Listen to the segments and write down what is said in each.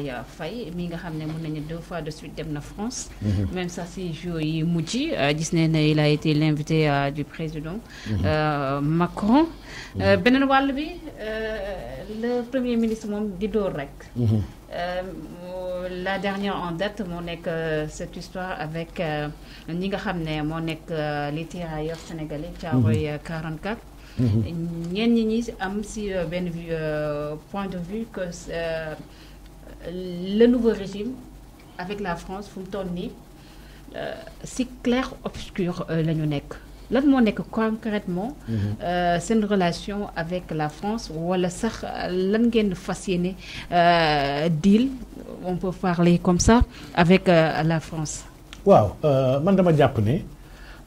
il mi nga xam ne mën deux fois de suite dem na France mhm. même ça c'est jours euh, il a été l'invité euh, du président mhm. euh, Macron ben le premier ministre moom rek la dernière en date mon cette histoire avec ñi nga ne moo nekk sénégalais Thiaroye 44 ñenn ñi am si benn point de vue que le nouveau régime avec la France vous tourner. C'est si clair obscur euh, la ñu concrètement lan une c'est une relation avec la France ou sax euh, lan l'engin fas euh, deal on peut parler comme ça avec la France waaw man dama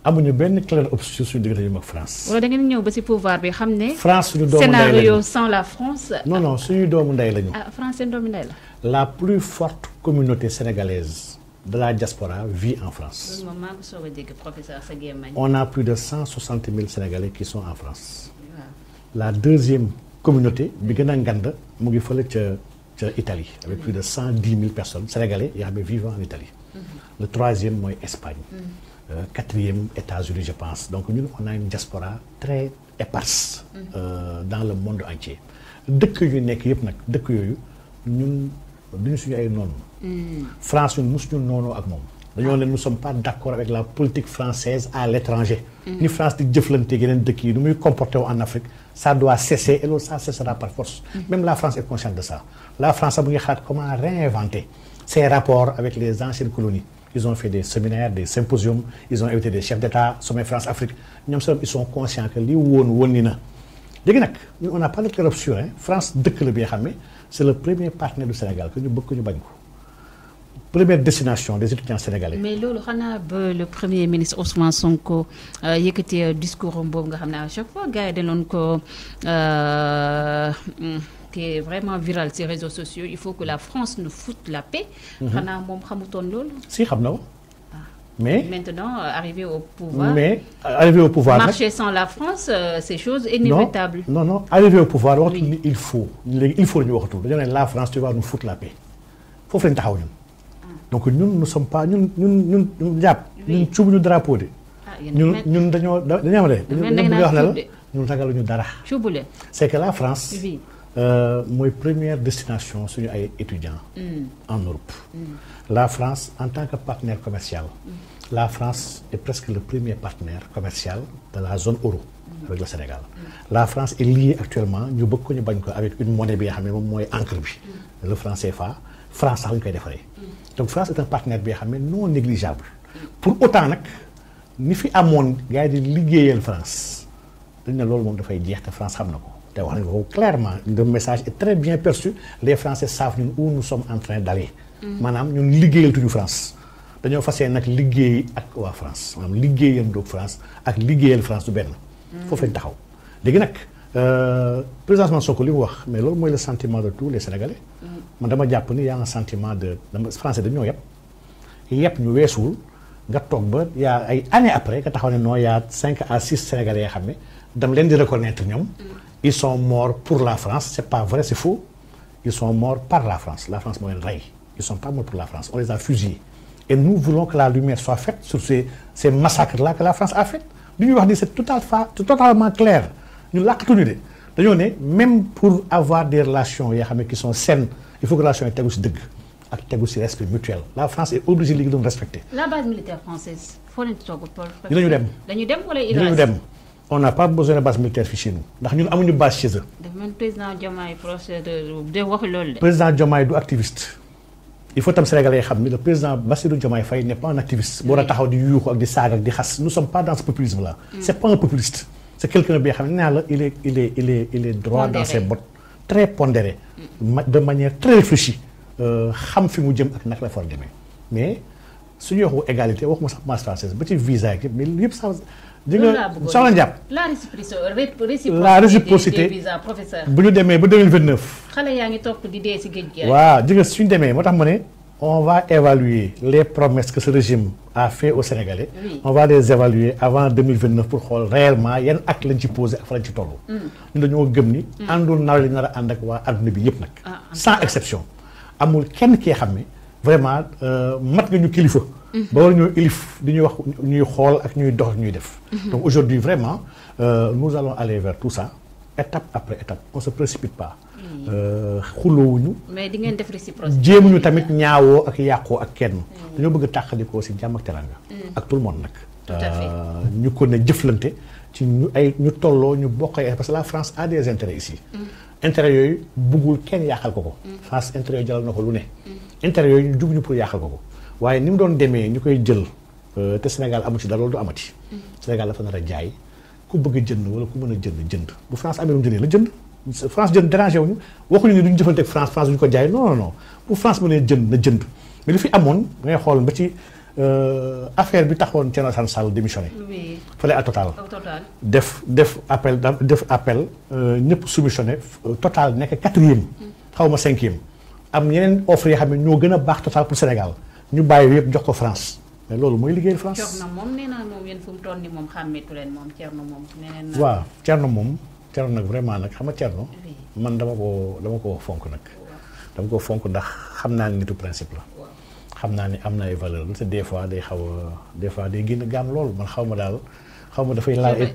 amuñu benn clair obscur suñu diggante en France. wala da ngeen ñëw ba ci pouvoir bi France doomu ndey scénario sans la France. non non suñu doomu ndey lañu. ah France seen doomu ndey la. la plus forte communauté sénégalaise de la diaspora vit en France. on a plus de 160 000 sénégalais qui sont en France. la deuxième communauté bi gën a ngand mu Italie avec mm-hmm. plus de 110 000 personnes sénégalais qui vivent en Italie. Mm-hmm. le troisième mooy Espagne. Mm-hmm. Euh, quatrième États-Unis, je pense. Donc, nous, on a une diaspora très éparse mhm. euh, dans le monde entier. Dès que une équipe de dëkk nous, ñun duñu suñu mm. France nous ak ne nous sommes pas d'accord avec la politique française à l'étranger La mm. ni France de jëflante yeneen de yi nous en Afrique ça doit cesser et ça cessera par force. Mm. même la France est consciente de ça. la France a besoin ngi comment réinventer ses rapports avec les anciennes colonies ils ont fait des séminaires, des symposiums, ils ont invité des chefs d'État, Sommet France-Afrique. Ils sont conscients que li won won on n'a pas de corruption. Hein. France, c'est le premier partenaire du Sénégal que nous première destination des étudiants sénégalais. mais le premier ministre Ousmane Sonko euh, a euh, discours am discours nga discours à chaque fois il yi dañu un discours qui est vraiment viral ces réseaux sociaux il faut que la France nous foute la paix. Mhm. Ah. mais maintenant euh, arriver au pouvoir. Euh, au pouvoir marcher sans la France euh, c'est chose inévitable. non non Arriver au pouvoir il faut il faut nous la France tu vas nous foutre la paix ah. donc pas. nous sommes pas Nous, nous nous nous. nous sommes pas... Nous, Nous, ne sommes c'est que la France. Euh, Mon première destination c'est les étudiants. Mm. en Europe. Mm. la France en tant que partenaire commercial. Mm. la France est presque le premier partenaire commercial de la zone euro. avec le Sénégal. la France est liée actuellement nous avons ñu avec une monnaie bien, mais xam ne moom le franc CFA France a une ñu koy donc France est un partenaire bien, mais non négligeable. pour autant nag ni fi à gars yi liggéeyal France dañ en France moom dafay jeex que France xam te wax ko clairement le message est très bien perçu les Français savent où nous sommes en train d'aller maanaam ñun liggéeyatuñu France dañoo fas yéene nag liggéey ak waa France maanaam liggéeyandoog France ak liggéeyal France du benn foofu lañ taxaw léegi nag euh, président Sonko li mu wax mais loolu mooy le sentiment de tous les Sénégalais mm. man dama jàpp ni y a un sentiment de dama Français y a yàpp ñu weesuwul il y ba des années après il y' a 5 à 6 sénégalais qui xam dam mm. ils sont morts pour la France ce n'est pas vrai c'est faux ils sont morts par la France la France moo leen rey ils sont pas morts pour la France on les a fusillés et nous voulons que la lumière soit faite sur ces massacres là que la France a fait c'est wax ni totalement clair ñu làqatuñu de même pour avoir des relations qui sont saines il faut que relations soient tegu si ak tegu respect mutuel la France est obligée de ñu respecter. la base militaire française il faut toog dinañu dem dem wala on n'a pas besoin de base militaire chez nous ndax ñun amuñu base chez eux. Le président Diomaye est de président du activiste. il faut tam Sénégalais yi xam ni le président Bassirou Diomaye Faye n'est pas un activiste. boo war taxaw di yuuxu ak di ak di nous sommes pas dans ce populisme là. Mm. c'est pas un populiste. c'est quelqu'un bi xam la il est il est il est il est droit dans ses bottes. très pondéré. Mm. de manière très réfléchie xam fi mu jëm ak naka la for demee mais suñuy waxu égalité waxuma sax masse française ba ci visa yëpp mais yëpp sax. di nga soxna Ndiaye. la réciprocité la réciprocité visa bu ñu demee ba 2029. xale yaa ngi topp di dee si géej gi waaw di nga suñu demee moo tax ma ne. on va évaluer les promesses que ce régime a fait au Sénégalais. Oui. On va les évaluer avant 2029 pour xool réellement yan ak lañ ci posé ak fa lañ ci toll. Mm. ñun dañoo gëm ni. andul mm. naw li nar a ànd ak waa adduna bi yëpp nag. Ah, sans exception amul kenn kee xam ne vraiment euh, mat nga ñu kilifa. Mhm. ba war ñu ilif di ñuy wax ñuy xool ak ñuy dox ñuy def. Mhm. donc aujourd'hui vraiment euh, nous allons aller vers tout ça étape après étape on se précipite pas. Euh, xuloowuñu. mais di ngeen def réciprocité. jéemuñu tamit ñaawoo ak yàqoo ak kenn. dañoo bëgg a tàqalikoo si jàmm ak teranga mm. ak tout le monde nag. tout ñu ko ne jëflante ci ñu ay ñu tolloo ñu bokk parce que la France a des intérêts ici. Mm. intérêt yooyu buggul kenn yàqal ko ko. Mm. Fass intérêt yooyu jaral na ko lu ne. Mm. intérêt yooyu ñu jug ñu pour yàqal ko ko waaye ni mu doon demee ñu koy jël euh, te Sénégal amu ci dara loolu du amati. Mm. Sénégal dafa nar a jaay ku bëgg jënd wala ku mën a jënd jënd bu France amee lu mu jëndee la jënd. France jënd dérangé wuñu waxuñu ne duñu jëfante ak France France ñu ko jaay non non non bu France mënee jënd na jënd mais li fi amoon ngay xool ba Euh, affaire bi taxoon Thierno Alassane Sall démissionné. oui fële à Total. def def appel def appel euh, ñëpp soumissionné euh, Total nekk quatrième. Mm. xaw ma cinquième. am yeneen offre yoo xam ne ñoo gën a baax Total pour Sénégal ñu bàyyi yëpp jox ko France. loolu mooy liggéeyal France Thierno moom nee moom yéen fu mu toll moom xàmmeetu leen na moom. Thierno nag vraiment nag xam nga Thierno. man dama ko dama ko fonk nag. dama koo fonk ndax xam naa ne nitu principe la. xam naa ni am na ay valeur te des fois day xaw a des day génn gàmm loolu man xaw ma daal xaw ma dafay laal ay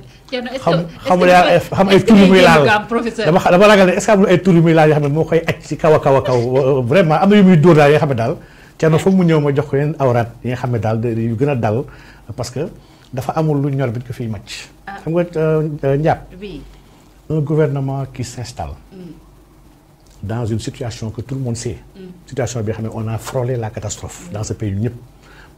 xam xaw ma xam ay tur yu muy laal dama dama ragal ne xam ne moo koy aj ci kaw a kaw a kaw vraiment am xam ne daal Thierno foog mu ñëw ma jox ko yeneen awraat yi nga xam ne daal yu gën a dal parce que dafa amul lu ñor bi ko fiy màcc ah. xam nga euh, njàpp gouvernement qui s'installe mm. dans une situation que tout le monde sait. Mm. situation bi mais on a frôlé la catastrophe. dans ce pays il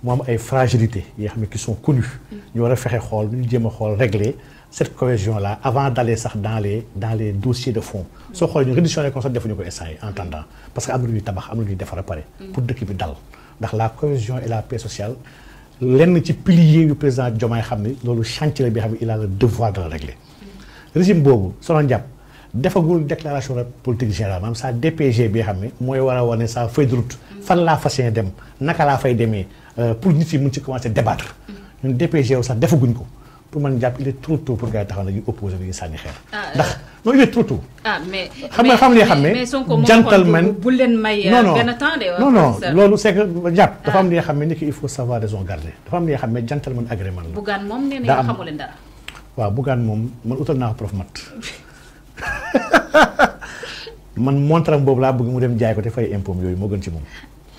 y am ay fragilités qui sont connues. Mm. ñu war a fexe xool ñu régler cette cohésion là avant d'aller dans les dans les dossiers de fond. Mm. on xoolee ñu réduction des constats defuñu ko instant en attendant parce que am na lu il tabax am na lu ñuy a pour dëkk bi dal ndax la cohésion et la paix sociale. l'un des piliers du président Diomaye xam ne le chantier il a le devoir de le régler régime boobu soo defagul déclaration de politique générale maanaam sa DPG bi nga xam ne mooy war a wane sa feuille de route fan laa fas yéene dem naka laa fay demee euh, pour ñu yi mun ci commencé débattre ñun DPG wu sax defaguñ ko pour man jàpp il est trop pour gars yi taxaw na yu opposé dañuy sànni xeer. Ah, euh, ndax il est trop ah, mais xam nga xam li xam ne gentleman bu leen may benn temps de. non euh, loolu c'est que jàpp ah. dafa am li xam ne ni il faut savoir raison garder dafa am li nga xam ne gentleman agrément dara. waaw bugaan moom man utal naa ko prof mat man montaram boobu laa bëgg mu dem jaay ko te fay impôts yooyu moo gën ci moom.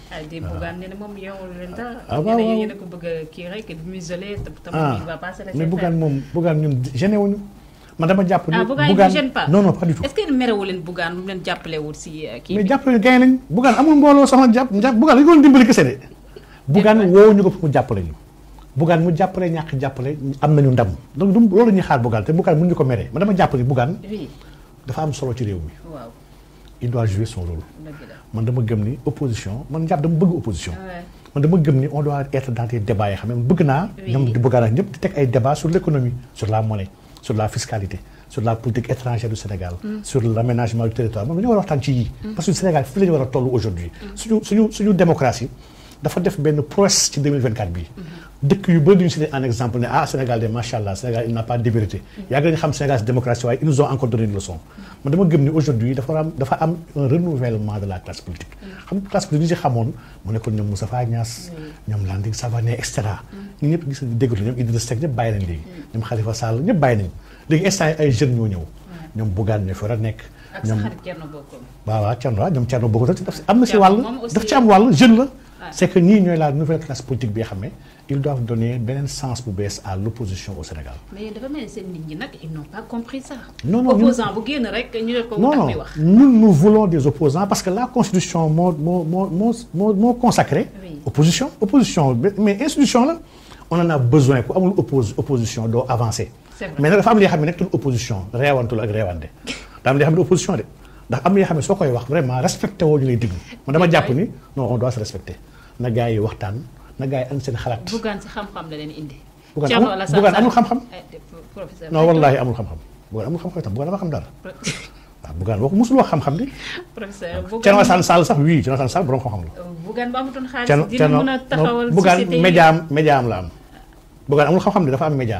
ah di ah. Bougane nee na moom yow leen dara. Ah, bëgg a kii rek muselé. ah ñun gêné wuñu dama jàpp ni. ah Bougane ñu gêne pas non non pas du tout. est-ce que merewu leen Bougane mu leen jàppale wut si euh, kii mais mbooloo soxna jàpp jàpp Bougane dañu ko doon dimbali kese de. Bougane ko fi mu jàppale ñu. Bougane mu jàppale ñàkk jàppale am nañu ndam donc loolu ñuy xaar Bougane te Bougane mënuñu ko mere man dama jàpp ni Bougane dafa am solo ci réew waaw il doit jouer son rôle. man dama gëm ni opposition man ñaar dama bëgg opposition. Ah man dama gëm ni on doit être dans des débats yoo xam ne bëgg naa. ñoom di bëgg ñëpp di ay débats sur l'économie, sur la monnaie sur la fiscalité sur la politique étrangère du Sénégal. Mm. sur l' aménagement du territoire man la ñu war a waxtaan ci yii. Mm. parce que Sénégal fi la ñu war a aujourd'hui mm. suñu suñu suñu démocratie. dafa def benn prouesse ci 2024 bii. dëkk yu bëri duñu cité en exemple ne ah Sénégal de macha allah Sénégal il n'a pas de vérité. yàgg nañu xam Sénégal si waaye ils encore donné une leçon. man dama gëm ni aujourd'hui dafa am dafa la classe politique. xam classe politique ñu si xamoon mu nekkoon ñoom Moustapha Niass. ñoom Landing am na si wàll daf ci am wàll jeune la c'est que ni la nouvelle classe politique ils doivent donner un sens pour baisser à l'opposition au Sénégal. mais ils n'ont pas compris ça. non non nous, non nous voulons des opposants parce que la constitution M'a moo consacré. opposition opposition mais institution on en a besoin pour amul opposition doit avancer. mais la dafa am li nga une opposition reewantul ak reewante daa li opposition de ndax am na yoo vraiment respecter woo ñu lay déglu. man non on doit se respecter. na gars yi waxtaan na gars yi am seen xalaat. bugaan si xam-xam la leen indi. bugaan amul xam-xam. Eh, professeur non wallaahi amul xam-xam bugaan amul xam-xam itam bugaan dama xam dara. waaw bugaan boo ko musul di. professeur ah, bugaan Thierno sax oui Thierno Assane Sall borom xam-xam la. Euh, a taxawal société am média amul xam-xam di dafa am média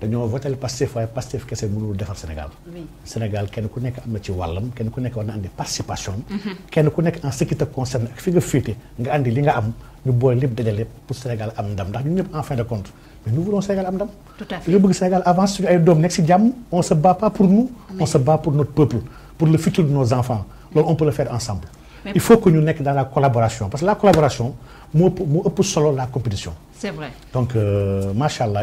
dañoo votel Pastef waaye Pastef kese mënul defar Sénégal Sénégal kenn ku nekk am na ci wàllam kenn ku nekk war na andi participation mhm. kenn ku nekk en ce qui te concerne ak fi nga féete nga andi li nga am ñu boole lépp dajale lépp pour Sénégal am ndam ndax ñun ñëpp en fin de compte mais nous voulons Sénégal am ndam ñu bëgg Sénégal avance suñu ay doom nekk si jàmm on se bat pas pour nous on se bat pour notre peuple pour le futur de nos enfants loolu on peut le faire ensemble il faut que nous soyons dans la collaboration parce que la collaboration moo moo seulement la compétition. c'est vrai donc euh,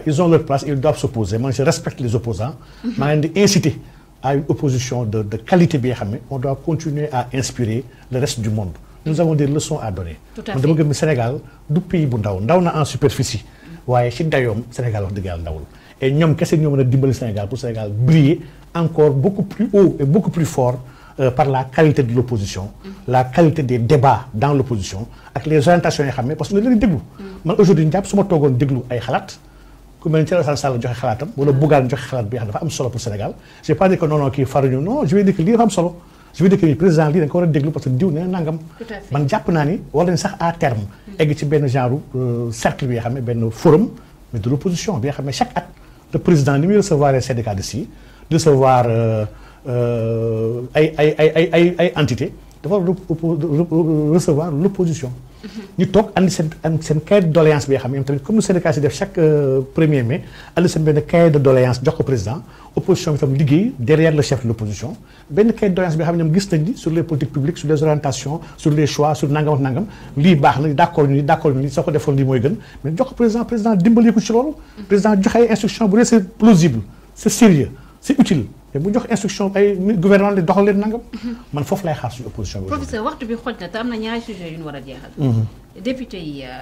ils ont leur place ils doivent s'opposer Moi, je respecte les opposants mhm. Mais inciter à une opposition de de qualité bien nga on doit continuer à inspirer le reste du monde. nous avons des leçons à donner. tout à fait dama le Sénégal du pays bu ndaw ndaw en superficie. Mhm. waaye nous, le Sénégal wax dëgg yàlla ndawul. et nous, kese ñoo mën a dimbali Sénégal pour Sénégal briller encore beaucoup plus haut et beaucoup plus fort euh, par la qualité de l'opposition, la qualité des débats dans l'opposition, avec les orientations parce que nous avons déglu. Moi mm. aujourd'hui, je suis en déglu ay xalat, comme à avons sal joxe xalatam, wala mm. bougal joxe xalat bi dafa am solo pour le Sénégal. Je pas dit que non non qui faru non, je vais dire que li am solo. Je veux dire que le président li dañ ko wara déglu parce que diw né nangam. Man japp na ni wala ni sax à terme mm. egg ci ben genre euh, cercle bi xamné ben forum mais de l'opposition bi xamné chaque acte. le président lui recevoir les syndicats d'ici, recevoir euh, euh, ay ay ay ay entité dafa recevoir l'opposition mhm. ñu toog andi de doléance comme chaque euh, premier mai de doléance jox président opposition tam derrière le chef de l'opposition opposition benn de doléance bi xam sur les politiques publiques sur les orientations sur les choix sur nangam nangam mais président président ko ci mhm. président instruction bu plausible c'est sérieux c'est utile mais bu jox instruction ay gouvernement de mhm. man professeur mhm. député euh,